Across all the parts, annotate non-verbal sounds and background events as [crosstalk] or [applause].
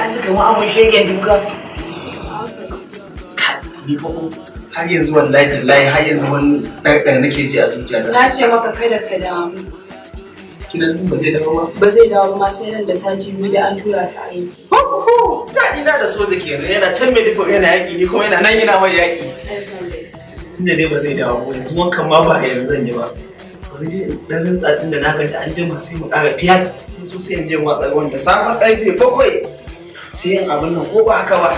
ka ji kamar an shegen duka ni fa har yanzu wallahi billahi har yanzu wani ɗanɗan nake ji a zuciyata na ce maka kada ka damu kina nan ba zai dawo ba ba zai dawo ma sai nan da sati biyu da an tura su aiki daɗi na da soja kenan yana can mai dufa yana yaƙi ni kuma yana nan yana mai yaƙi inda dai ba zai dawo ba yanzu wankan ma ba yanzu zan yi ba ɗan tsatsin da na ganta an jima sai mu ƙara fiya sosai sai in watsa wanda samun ƙarfe bakwai sai yin abin nan ko ba haka ba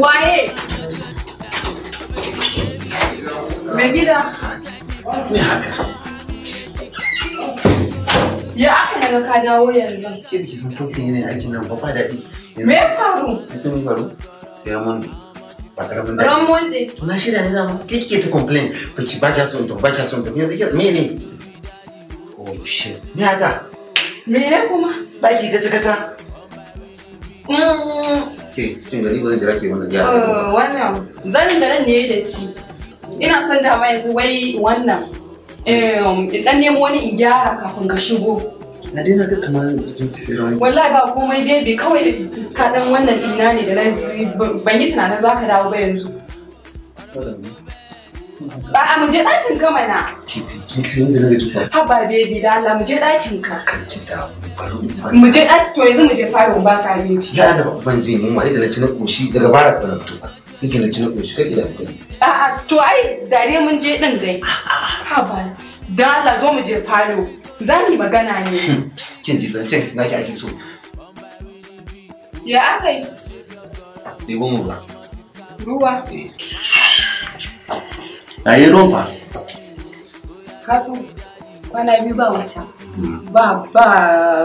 Waye? Mai gida? Me haka? Ya na ka dawo yanzu. Ke biki san posting yanayin aikin nan ba ba daɗi. Me ya faru? Me sai mun faru? Sai Ramon ba karamin daɗi. Ramon ne. To na shida ne dama ke kike ta complain ba ki ba ki son ta ba ki son ta me ne? Oh shit. Me haka? Me ya kuma? Ɗaki gaci gata. Mm. Ke kin gani ba zan jira ke wannan gyara. Oh, wannan zanin da nan ne ya yi datti. Ina son dama yanzu wai wannan. ɗan nemo wani in gyara kafin ka shigo. na dai ga kamar jikin ki sai wallahi ba komai bebe kawai ka dan wannan dina ne da nan ban yi tunanin zaka dawo ba yanzu ba a muje ɗakin ka mana kin san inda na gaji ba ha ba baby da Allah muje ɗakin ka muje ɗakin to yanzu muje fara ba ka minti ya da ban jin mun wani da na ci na koshi daga bara ba na fito kike na ci na koshi kai ina kai a'a to ai dare mun je din dai ha ba da Allah zo muje falo za mu yi magana ne hmm. kin ji zancen na ki ake so ya aka yi ɗebo mu ba ruwa Na yi ruwa eh. ka san kwana biyu ba wata hmm. ba ba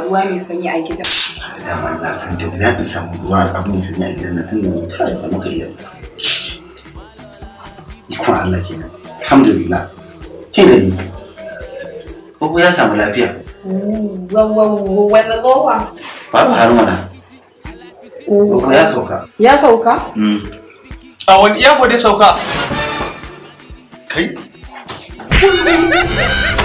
ruwa mai sanyi a gidan dama na san da ya fi samu ruwa abin sanyi a gidan na tun da kai da muka iya ikon Allah kenan alhamdulillah Kina gani Ugu ya samu lafiya. Wanda tsohuwa? Babu harmona. Ugu ya sauka. Ya sauka? Hmm. A wani iya gode sauka? Kai? [laughs]